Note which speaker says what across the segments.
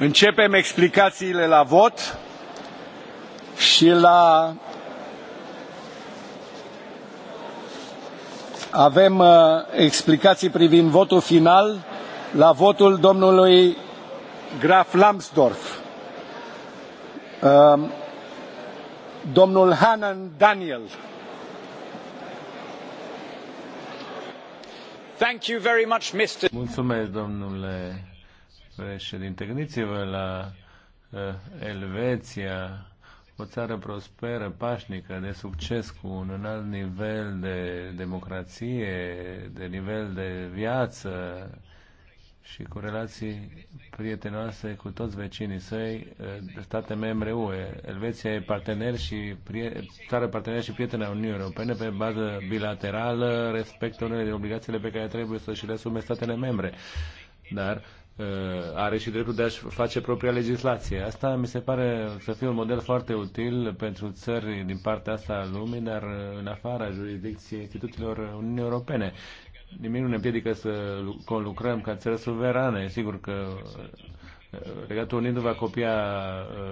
Speaker 1: Începem explicațiile la vot și la... Avem uh, explicații privind votul final la votul domnului Graf Lambsdorff. Uh, domnul Hanan Daniel.
Speaker 2: Thank you very much, Mr. Mulțumesc, domnule președinte. Gândiți-vă la uh, Elveția, o țară prosperă, pașnică, de succes, cu un înalt nivel de democrație, de nivel de viață și cu relații prietenoase cu toți vecinii săi, uh, state membre UE. Elveția e partener și țară partener și prietena Uniunii Europene pe bază bilaterală, respectă unele de obligațiile pe care trebuie să și le asume statele membre. Dar Uh, are și dreptul de a-și face propria legislație. Asta mi se pare să fie un model foarte util pentru țări din partea asta a lumii, dar uh, în afara jurisdicției instituțiilor Uniunii Europene. Nimic nu ne împiedică să conlucrăm ca țări suverane. Sigur că uh, Regatul Unit nu va copia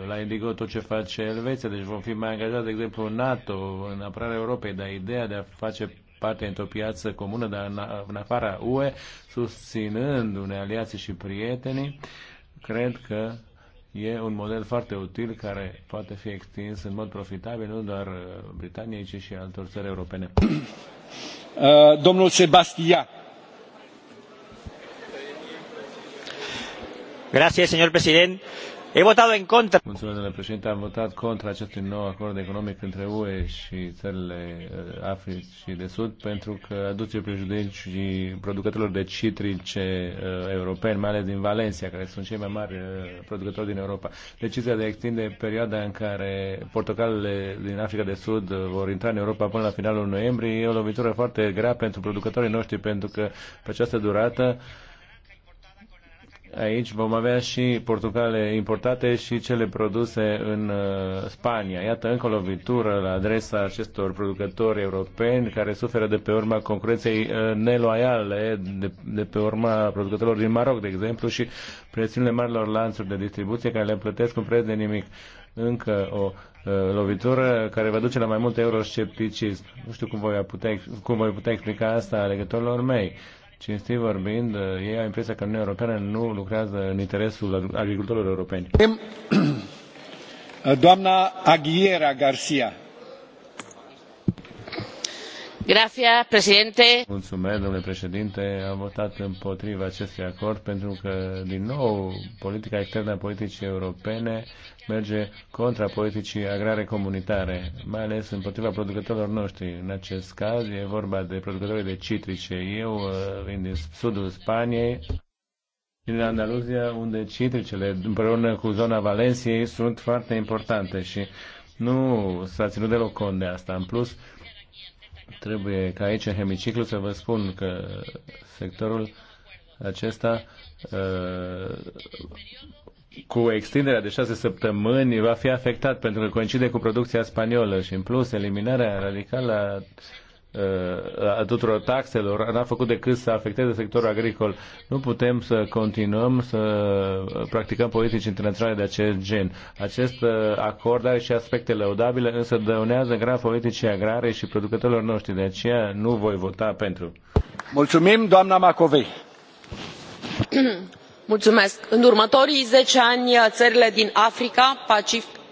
Speaker 2: la Indigo tot ce face Elveția, deci vom fi mai angajați, de exemplu, în NATO, în apărarea Europei, dar ideea de a face parte într-o piață comună, dar în, în afara UE, susținându-ne aliații și prietenii, cred că e un model foarte util care poate fi extins în mod profitabil nu doar uh, Britaniei, ci și altor țări europene. Uh, domnul Sebastia. Gracias, señor presidente. He votat en contra. Mulțumesc, domnule președinte. Am votat contra acestui nou acord economic între UE și țările uh, și de Sud pentru că aduce prejudicii producătorilor de citrice uh, europeni, mai ales din Valencia, care sunt cei mai mari uh, producători din Europa. Decizia de a extinde perioada în care portocalele din Africa de Sud uh, vor intra în Europa până la finalul noiembrie e o lovitură foarte grea pentru producătorii noștri pentru că pe această durată uh, aici vom avea și portocale importate și cele produse în uh, Spania. Iată încă o lovitură la adresa acestor producători europeni care suferă de pe urma concurenței uh, neloiale, de, de pe urma producătorilor din Maroc, de exemplu, și prețiunile marilor lanțuri de distribuție care le plătesc un preț de nimic. Încă o uh, lovitură care va duce la mai mult euroscepticism. Nu știu cum voi putea, cum voi putea explica asta legătorilor mei. Uh, cinstit vorbind, ei au impresia că Uniunea Europeană nu lucrează în interesul agricultorilor europeni. Doamna Aguilera Garcia. Mulțumesc, domnule președinte. Am votat împotriva acestui acord pentru că, din nou, politica externă a politicii europene merge contra politicii agrare comunitare, mai ales împotriva producătorilor noștri. În acest caz e vorba de producătorii de citrice. Eu uh, vin din sudul Spaniei, din Andaluzia, unde citricele, împreună cu zona Valenciei, sunt foarte importante și nu s-a ținut deloc cont de asta. În plus, trebuie ca aici, în hemiciclu, să vă spun că sectorul acesta uh, cu extinderea de șase săptămâni va fi afectat pentru că coincide cu producția spaniolă și în plus eliminarea radicală a Uh, a tuturor taxelor n-a făcut decât să afecteze sectorul agricol. Nu putem să continuăm să practicăm politici internaționale de acest gen. Acest uh, acord are și aspecte lăudabile, însă dăunează grav politicii agrare și producătorilor noștri. De aceea nu voi vota pentru. Mulțumim, doamna Macovei.
Speaker 3: Mulțumesc. În următorii 10 ani, țările din Africa, Pacific,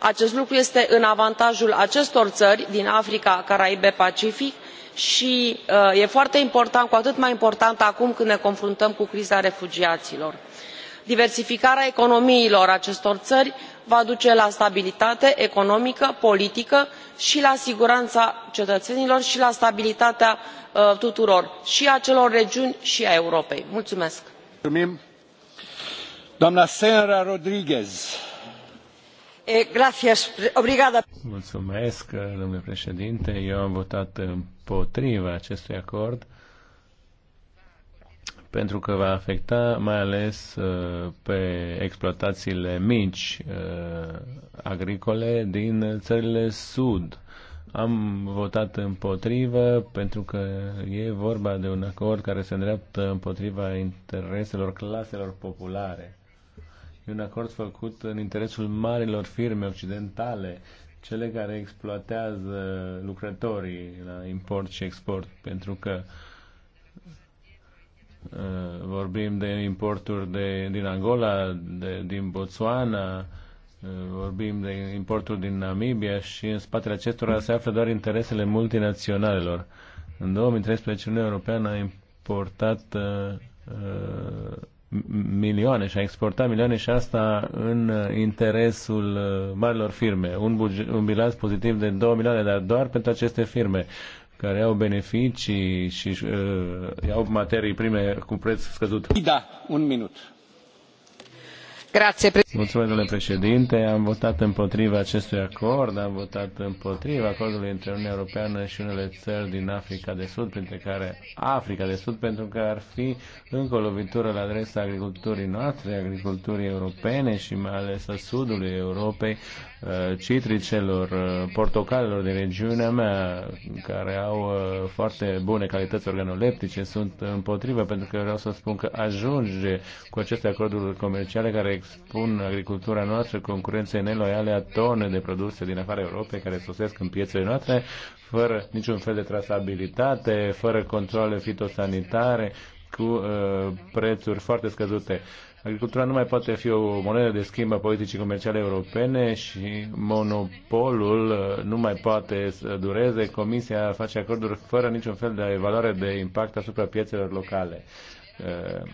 Speaker 3: acest lucru este în avantajul acestor țări din africa caraibe pacific și uh, e foarte important cu atât mai important acum când ne confruntăm cu criza refugiaților. diversificarea economiilor acestor țări va duce la stabilitate economică politică și la siguranța cetățenilor și la stabilitatea uh, tuturor și a acelor regiuni și a europei. mulțumesc.
Speaker 2: Mulțumesc, domnule președinte. Eu am votat împotriva acestui acord pentru că va afecta mai ales uh, pe exploatațiile mici uh, agricole din țările sud. Am votat împotrivă pentru că e vorba de un acord care se îndreaptă împotriva intereselor claselor populare E un acord făcut în interesul marilor firme occidentale, cele care exploatează lucrătorii la import și export, pentru că uh, vorbim de importuri de, din Angola, de, din Botswana, uh, vorbim de importuri din Namibia și în spatele acestora se află doar interesele multinaționalelor. În 2013 Uniunea Europeană a importat uh, uh milioane și a exportat milioane și asta în uh, interesul uh, marilor firme. Un, buget, un bilanț pozitiv de 2 milioane, dar doar pentru aceste firme care au beneficii și uh, au materii prime cu preț scăzut. Da, un minut domnule președinte. Am votat împotriva acestui acord, am votat împotriva acordului între Uniunea Europeană și unele țări din Africa de Sud, printre care Africa de Sud, pentru că ar fi încă o lovitură la adresa agriculturii noastre, agriculturii europene și mai ales a sudului Europei, Uh, citricelor, uh, portocalelor din regiunea mea, care au uh, foarte bune calități organoleptice, sunt împotrivă pentru că vreau să spun că ajunge cu aceste acorduri comerciale care expun agricultura noastră concurenței neloiale a tone de produse din afara Europei care sosesc în piețele noastre, fără niciun fel de trasabilitate, fără controle fitosanitare, cu uh, prețuri foarte scăzute. Uh, Agricultura nu mai poate fi o monedă de schimb a politicii comerciale europene și monopolul uh, nu mai poate să dureze. Comisia face acorduri fără niciun fel de evaluare de impact asupra piețelor locale uh,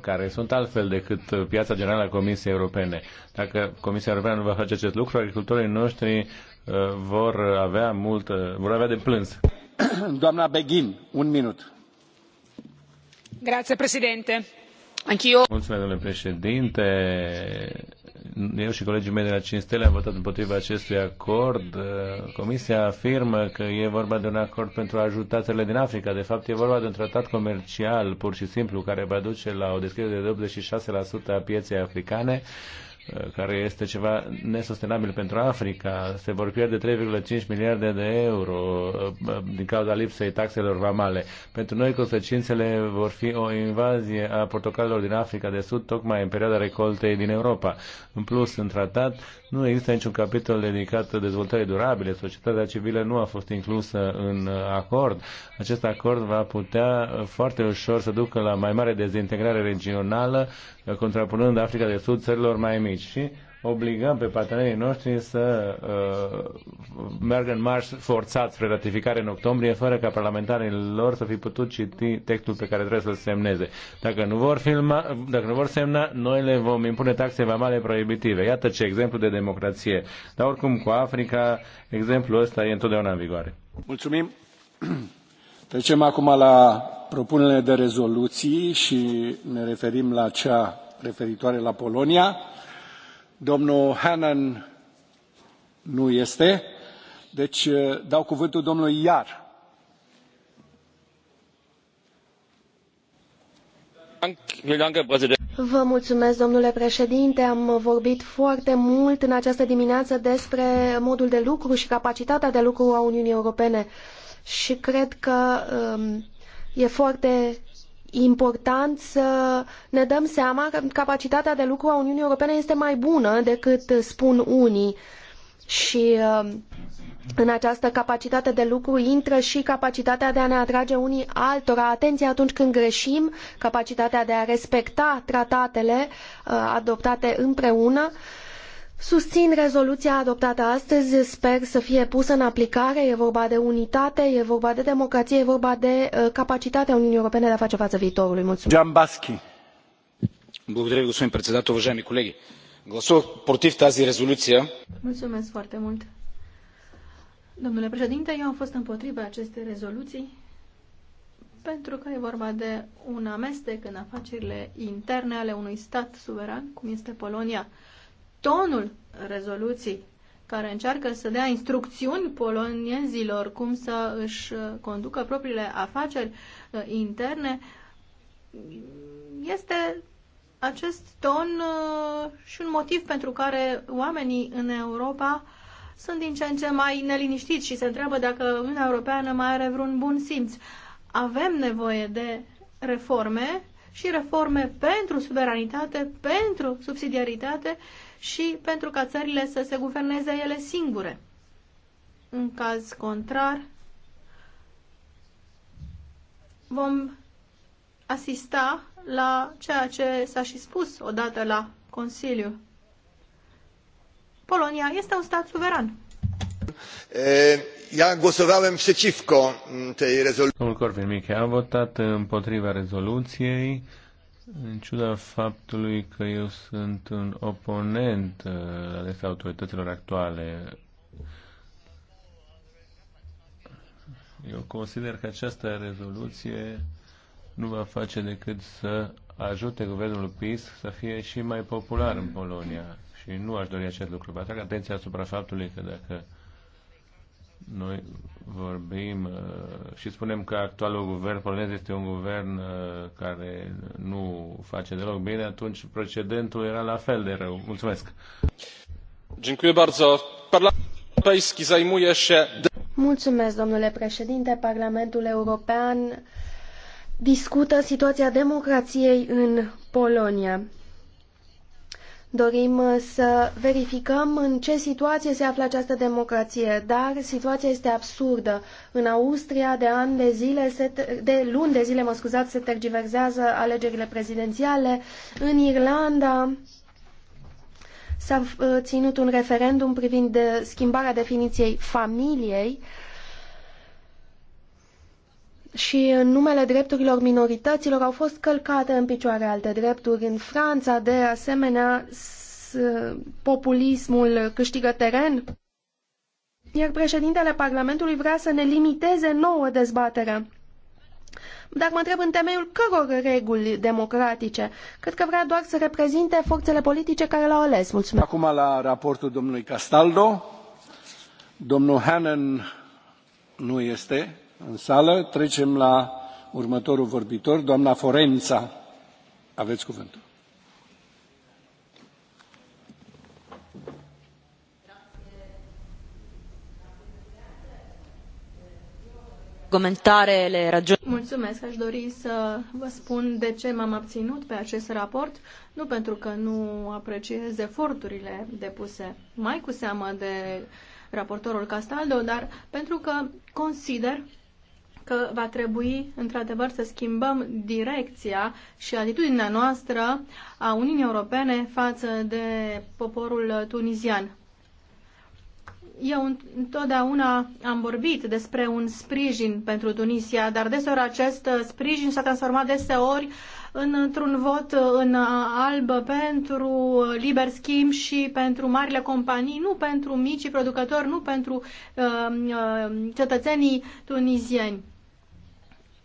Speaker 2: care sunt altfel decât piața generală a Comisiei Europene. Dacă Comisia Europeană nu va face acest lucru, agricultorii noștri uh, vor avea mult, vor avea de plâns. Doamna Beghin, un minut.
Speaker 3: Grazie, președinte
Speaker 2: Mulțumesc, domnule președinte. Eu și colegii mei de la 5 stele am votat împotriva acestui acord. Comisia afirmă că e vorba de un acord pentru a ajuta țările din Africa. De fapt, e vorba de un tratat comercial, pur și simplu, care va duce la o deschidere de 86% a pieței africane care este ceva nesustenabil pentru Africa. Se vor pierde 3,5 miliarde de euro uh, uh, din cauza lipsei taxelor vamale. Pentru noi consecințele vor fi o invazie a portocalilor din Africa de Sud, tocmai în perioada recoltei din Europa. În plus, în tratat, nu există niciun capitol dedicat dezvoltării durabile. Societatea civilă nu a fost inclusă în acord. Acest acord va putea foarte ușor să ducă la mai mare dezintegrare regională contrapunând Africa de Sud țărilor mai mici și obligăm pe partenerii noștri să uh, meargă în marș forțat spre ratificare în octombrie, fără ca parlamentarii lor să fi putut citi textul pe care trebuie să-l semneze. Dacă nu vor, filma, dacă nu vor semna, noi le vom impune taxe vamale prohibitive. Iată ce exemplu de democrație. Dar oricum cu Africa, exemplul ăsta e întotdeauna în vigoare.
Speaker 1: Mulțumim. Trecem acum la propunerile de rezoluții și ne referim la cea referitoare la Polonia. Domnul Hannan nu este, deci uh, dau cuvântul domnului Iar.
Speaker 4: Vă mulțumesc, domnule președinte. Am vorbit foarte mult în această dimineață despre modul de lucru și capacitatea de lucru a Uniunii Europene și cred că um, e foarte important să ne dăm seama că capacitatea de lucru a Uniunii Europene este mai bună decât spun unii și uh, în această capacitate de lucru intră și capacitatea de a ne atrage unii altora atenția atunci când greșim, capacitatea de a respecta tratatele uh, adoptate împreună Susțin rezoluția adoptată astăzi, sper să fie pusă în aplicare. E vorba de unitate, e vorba de democrație, e vorba de uh, capacitatea Uniunii Europene de a face față viitorului. Mulțumesc.
Speaker 1: Джамбаски. Благодаря ви, господин председател. Уважаеми колеги, гласувах против тази резолюție.
Speaker 5: Mulțumesc foarte mult. Domnule președinte, eu am fost împotriva acestei rezoluții pentru că e vorba de un amestec în afacerile interne ale unui stat suveran, cum este Polonia tonul rezoluției care încearcă să dea instrucțiuni polonienzilor cum să își uh, conducă propriile afaceri uh, interne, este acest ton uh, și un motiv pentru care oamenii în Europa sunt din ce în ce mai neliniștiți și se întreabă dacă Uniunea Europeană mai are vreun bun simț. Avem nevoie de reforme și reforme pentru suveranitate, pentru subsidiaritate și pentru ca țările să se guverneze ele singure. În caz contrar, vom asista la ceea ce s-a și spus odată la Consiliu. Polonia este un stat suveran.
Speaker 2: Ja głosowałem przeciwko tej rezolucji. Domnul Corvin am votat împotriva rezoluției. În ciuda faptului că eu sunt un oponent uh, ale autorităților actuale, eu consider că această rezoluție nu va face decât să ajute guvernul PIS să fie și mai popular în Polonia. Și nu aș dori acest lucru. Vă atrag atenția asupra faptului că dacă noi vorbim uh, și spunem că actualul guvern polonez este un guvern uh, care nu face deloc bine, atunci precedentul era la fel de rău. Mulțumesc! Dziękuję bardzo.
Speaker 4: Mulțumesc, domnule președinte. Parlamentul European discută situația democrației în Polonia. Dorim uh, să verificăm în ce situație se află această democrație, dar situația este absurdă. În Austria, de ani de zile, se, de luni de zile, mă scuzați, se tergiversează alegerile prezidențiale. În Irlanda s-a uh, ținut un referendum privind de uh, schimbarea definiției familiei. Uh, și în numele drepturilor minorităților au fost călcate în picioare alte drepturi. În Franța, de asemenea, populismul câștigă teren, iar președintele Parlamentului vrea să ne limiteze nouă dezbaterea. Dar mă întreb în temeiul căror reguli democratice. Cred că vrea doar să reprezinte forțele politice care l-au ales. Mulțumesc. Acum
Speaker 1: la raportul domnului Castaldo. Domnul Hannan nu este în sală. Trecem la următorul vorbitor, doamna Forența. Aveți cuvântul.
Speaker 3: Argumentarele ragioni. Mulțumesc,
Speaker 5: aș dori să vă spun de ce m-am abținut pe acest raport, nu pentru că nu apreciez eforturile depuse, mai cu seamă de raportorul Castaldo, dar pentru că consider că va trebui, într-adevăr, să schimbăm direcția și atitudinea noastră a Uniunii Europene față de poporul tunizian. Eu întotdeauna am vorbit despre un sprijin pentru Tunisia, dar deseori acest uh, sprijin s-a transformat deseori într-un vot în uh, alb pentru uh, liber schimb și pentru marile companii, nu pentru micii producători, nu pentru uh, cetățenii tunizieni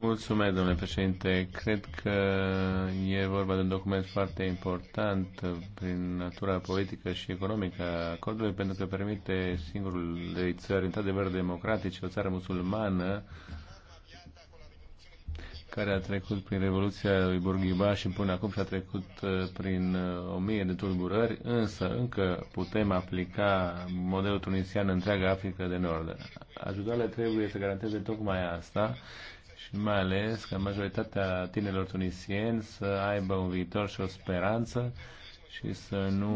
Speaker 2: Mulțumesc, domnule președinte. Cred că e vorba de un document foarte important prin natura politică și economică a acordului, pentru că permite singurului țări, într-adevăr, democratice, o țară musulmană, care a trecut prin Revoluția lui Burghiba și până acum și-a trecut uh, prin uh, o mie de tulburări, însă încă putem aplica modelul tunisian în întreaga Africa de Nord. Ajutoarele trebuie să garanteze tocmai asta și mai ales că majoritatea tinerilor tunisieni să aibă un viitor și o speranță și să nu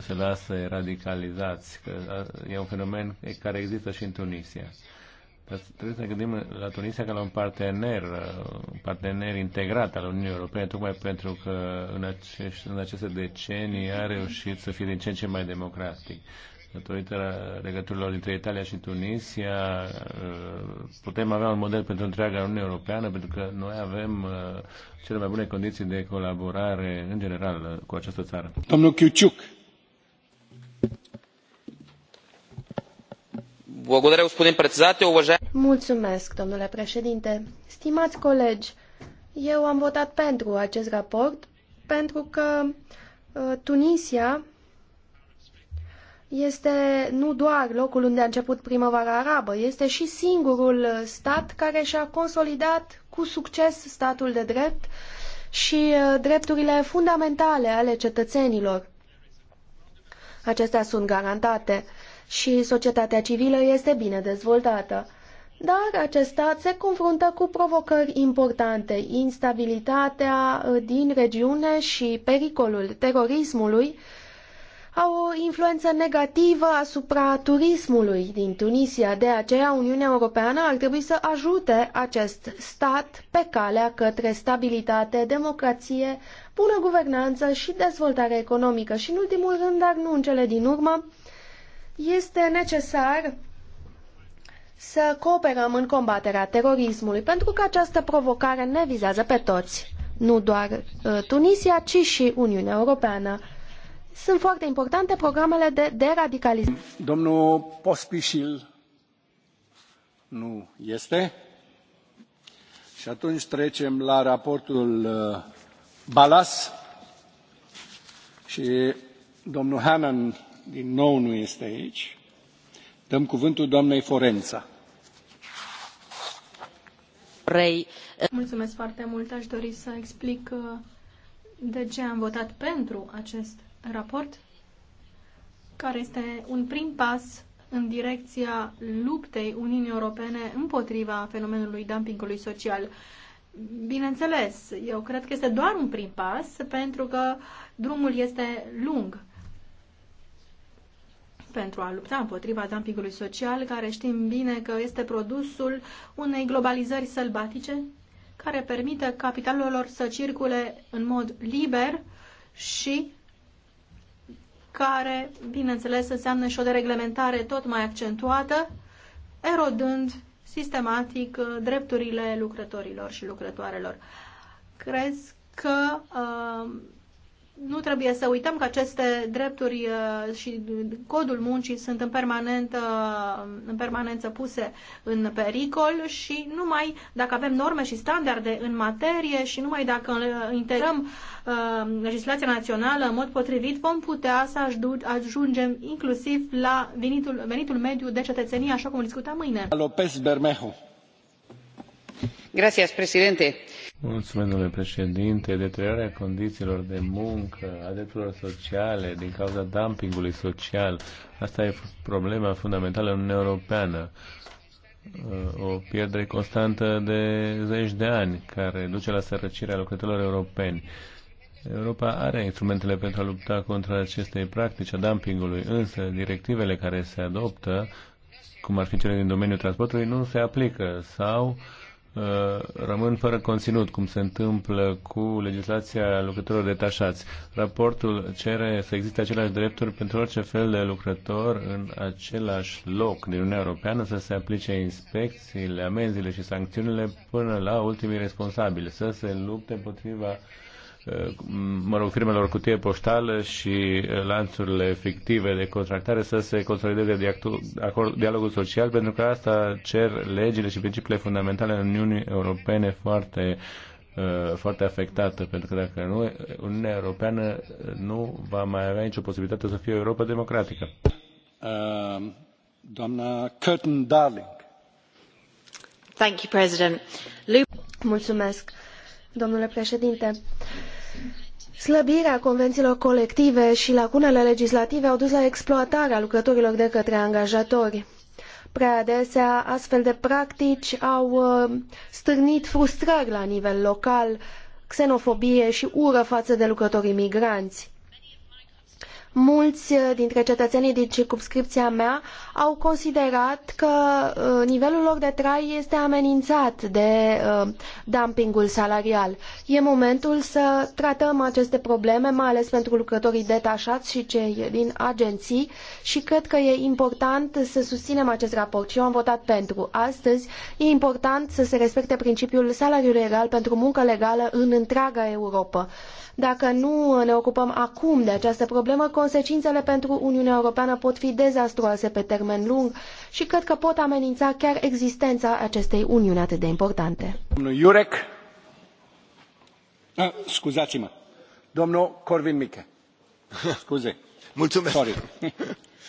Speaker 2: se lasă radicalizați, că e un fenomen care există și în Tunisia. Dar trebuie să ne gândim la Tunisia ca la un partener, un partener integrat al Uniunii Europene, tocmai pentru că în, acești, în aceste decenii a reușit să fie din ce în ce mai democratic datorită legăturilor dintre Italia și Tunisia, uh, putem avea un model pentru întreaga Uniune Europeană, pentru că noi avem uh, cele mai bune condiții de colaborare, în general, uh, cu această țară.
Speaker 1: Domnul Chiuciuc.
Speaker 4: Mulțumesc, domnule președinte. Stimați colegi, eu am votat pentru acest raport pentru că Tunisia este nu doar locul unde a început primăvara arabă, este și singurul stat care și-a consolidat cu succes statul de drept și uh, drepturile fundamentale ale cetățenilor. Acestea sunt garantate și societatea civilă este bine dezvoltată. Dar acest stat se confruntă cu provocări importante, instabilitatea uh, din regiune și pericolul terorismului, au o influență negativă asupra turismului din Tunisia. De aceea, Uniunea Europeană ar trebui să ajute acest stat pe calea către stabilitate, democrație, bună guvernanță și dezvoltare economică. Și, în ultimul rând, dar nu în cele din urmă, este necesar să cooperăm în combaterea terorismului, pentru că această provocare ne vizează pe toți, nu doar uh, Tunisia, ci și Uniunea Europeană. Sunt foarte importante programele de deradicalizare.
Speaker 1: Domnul Pospișil nu este. Și atunci trecem la raportul uh, Balas. Și domnul Hannan din nou nu este aici. Dăm cuvântul doamnei Forența.
Speaker 3: Uh,
Speaker 5: Mulțumesc foarte mult. Aș dori să explic uh, de ce am votat pentru acest raport, care este un prim pas în direcția luptei Uniunii Europene împotriva fenomenului dumpingului social. Bineînțeles, eu cred că este doar un prim pas, pentru că drumul este lung pentru a lupta împotriva dumpingului social, care știm bine că este produsul unei globalizări sălbatice, care permite capitalelor să circule în mod liber și care, bineînțeles, înseamnă și o dereglementare tot mai accentuată, erodând sistematic uh, drepturile lucrătorilor și lucrătoarelor. Crezi că uh, nu trebuie să uităm că aceste drepturi uh, și codul muncii sunt în, permanent, uh, în permanență puse în pericol și numai dacă avem norme și standarde în materie și numai dacă integrăm uh, legislația națională în mod potrivit, vom putea să ajungem inclusiv la venitul, venitul mediu de cetățenie, așa cum discutăm mâine.
Speaker 3: López Bermejo. Gracias, presidente
Speaker 2: Mulțumesc, domnule președinte. Deteriorarea condițiilor de muncă, a drepturilor sociale, din cauza dumpingului social, asta e problema fundamentală în Uniunea Europeană. Uh, o pierdere constantă de zeci de ani, care duce la sărăcirea lucrătorilor europeni. Europa are instrumentele pentru a lupta contra acestei practici a dumpingului, însă directivele care se adoptă, cum ar fi cele din domeniul transportului, nu se aplică sau uh, Uh, rămân fără conținut, cum se întâmplă cu legislația lucrătorilor detașați. Raportul cere să existe aceleași drepturi pentru orice fel de lucrător în același loc din Uniunea Europeană, să se aplice inspecțiile, amenziile și sancțiunile până la ultimii responsabili, să se lupte împotriva uh, mă rog, firmelor cutie poștală și eh, lanțurile fictive de contractare să se consolideze dialogul social, pentru că asta cer legile și principiile fundamentale în Uniunii Europene foarte eh, foarte afectată, pentru că dacă nu, Uniunea Europeană nu va mai avea nicio posibilitate să fie o Europa democratică.
Speaker 1: Uh, doamna Curtin Darling.
Speaker 4: Thank you, President. Mulțumesc, domnule președinte. Slăbirea convențiilor colective și lacunele legislative au dus la exploatarea lucrătorilor de către angajatori. Prea adesea, astfel de practici au uh, stârnit frustrări la nivel local, xenofobie și ură față de lucrătorii migranți mulți uh, dintre cetățenii din circumscripția mea au considerat că uh, nivelul lor de trai este amenințat de uh, dumpingul salarial. E momentul să tratăm aceste probleme, mai ales pentru lucrătorii detașați și cei din agenții și cred că e important să susținem acest raport și eu am votat pentru. Astăzi e important să se respecte principiul salariului egal pentru muncă legală în întreaga Europa. Dacă nu ne ocupăm acum de această problemă, consecințele pentru Uniunea Europeană pot fi dezastruoase pe termen lung și cred că pot amenința chiar existența acestei uniuni atât de importante.
Speaker 1: Domnul Iurec. Ah, scuzați-mă. Domnul Corvin Mică. Scuze. Mulțumesc. Sorry.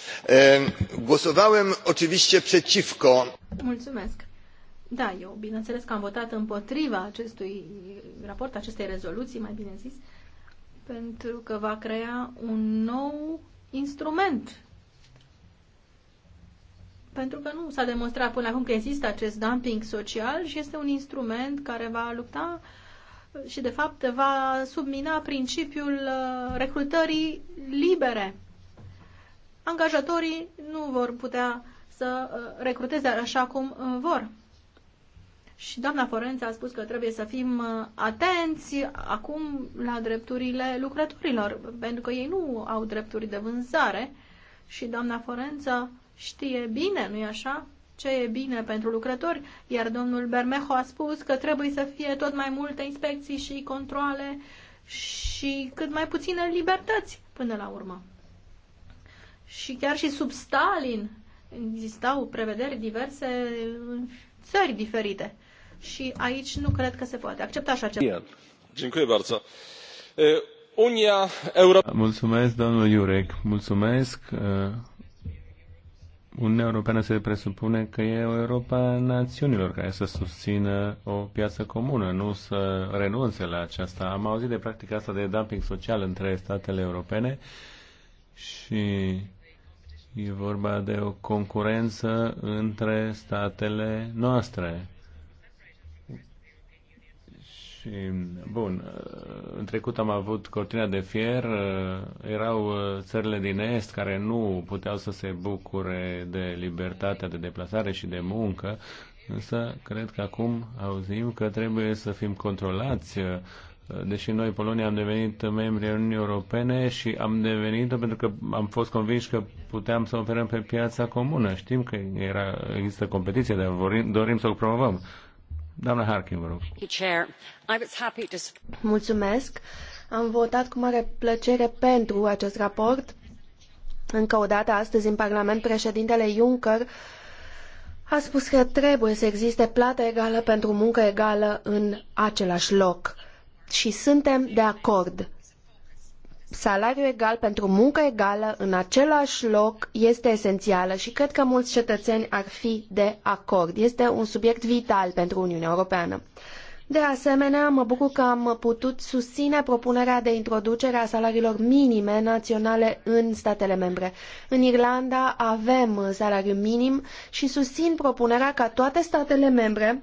Speaker 1: Głosowałem oczywiście przeciwko.
Speaker 5: Mulțumesc. Da, eu bineînțeles că am votat împotriva acestui raport, acestei rezoluții, mai bine zis, pentru că va crea un nou instrument. Pentru că nu s-a demonstrat până acum că există acest dumping social și este un instrument care va lupta și, de fapt, va submina principiul uh, recrutării libere. Angajatorii nu vor putea să uh, recruteze așa cum uh, vor. Și doamna Forență a spus că trebuie să fim uh, atenți acum la drepturile lucrătorilor, pentru că ei nu au drepturi de vânzare și doamna Forență știe bine, nu-i așa, ce e bine pentru lucrători, iar domnul Bermejo a spus că trebuie să fie tot mai multe inspecții și controle și cât mai puține libertăți până la urmă. Și chiar și sub Stalin existau prevederi diverse în țări diferite și aici nu cred că se poate accepta așa ceva.
Speaker 2: Mulțumesc, domnul Iurec. Mulțumesc. Uniunea Europeană se presupune că e o Europa națiunilor care să susțină o piață comună, nu să renunțe la aceasta. Am auzit de practica asta de dumping social între statele europene și e vorba de o concurență între statele noastre. Și, bun, în trecut am avut cortina de fier, erau uh, țările din Est care nu puteau să se bucure de libertatea de deplasare și de muncă, însă cred că acum auzim că trebuie să fim controlați uh, deși noi, Polonia, am devenit membri ai Uniunii Europene și am devenit o pentru că am fost convinși că puteam să operăm pe piața comună. Știm că era, există competiție, dar vorim, dorim să o promovăm. Doamna Harkin, vă rog.
Speaker 4: Mulțumesc. Am votat cu mare plăcere pentru acest raport. Încă o dată, astăzi, în Parlament, președintele Juncker a spus că trebuie să existe plată egală pentru muncă egală în același loc. Și suntem de acord salariu egal pentru muncă egală în același loc este esențială și cred că mulți cetățeni ar fi de acord. Este un subiect vital pentru Uniunea Europeană. De asemenea, mă bucur că am putut susține propunerea de introducere a salariilor minime naționale în statele membre. În Irlanda avem salariu minim și susțin propunerea ca toate statele membre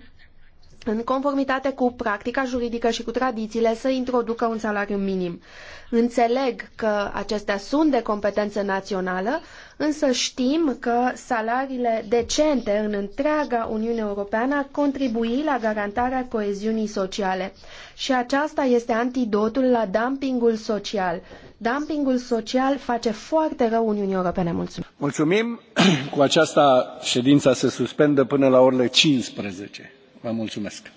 Speaker 4: în conformitate cu practica juridică și cu tradițiile, să introducă un salariu minim. Înțeleg că acestea sunt de competență națională, însă știm că salariile decente în întreaga Uniune Europeană ar contribui la garantarea coeziunii sociale. Și aceasta este antidotul la dumpingul social. Dumpingul social face foarte rău Uniunii Europene. Mulțumim!
Speaker 1: Mulțumim! Cu aceasta ședința se suspendă până la orele 15. Vă mulțumesc!